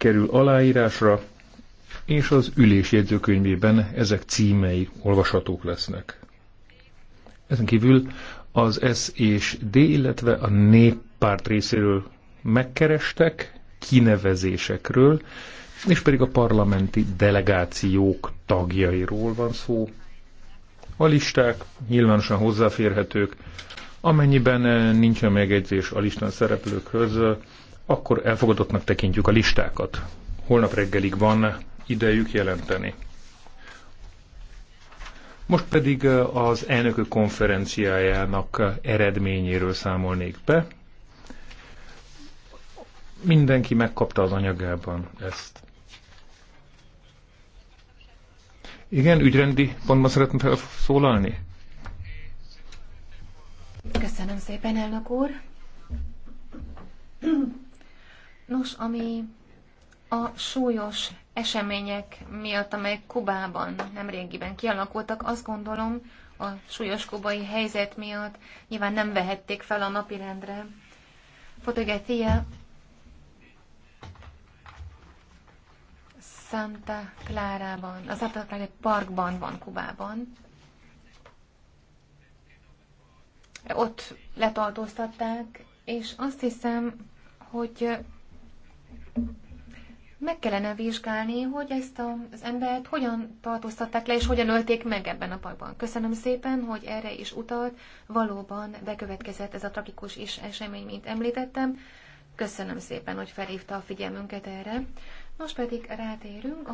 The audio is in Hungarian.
kerül aláírásra, és az ülés jegyzőkönyvében ezek címei olvashatók lesznek. Ezen kívül az S és D, illetve a néppárt részéről megkerestek kinevezésekről, és pedig a parlamenti delegációk tagjairól van szó. A listák nyilvánosan hozzáférhetők, amennyiben nincsen megegyzés a listán szereplőkhöz, akkor elfogadottnak tekintjük a listákat. Holnap reggelig van idejük jelenteni. Most pedig eh, az elnökök konferenciájának eredményéről számolnék be. Mindenki megkapta az anyagában ezt. Igen, ügyrendi pontban szeretném felszólalni? Köszönöm szépen, elnök úr. Nos, ami a súlyos események miatt, amelyek Kubában nemrégiben kialakultak, azt gondolom, a súlyos kubai helyzet miatt nyilván nem vehették fel a napirendre. Fotogetia Santa Clara-ban, az Santa Clara parkban van Kubában. Ott letartóztatták, és azt hiszem, hogy meg kellene vizsgálni, hogy ezt a, az embert hogyan tartóztatták le, és hogyan ölték meg ebben a parkban. Köszönöm szépen, hogy erre is utalt. Valóban bekövetkezett ez a tragikus is esemény, mint említettem. Köszönöm szépen, hogy felhívta a figyelmünket erre. Most pedig rátérünk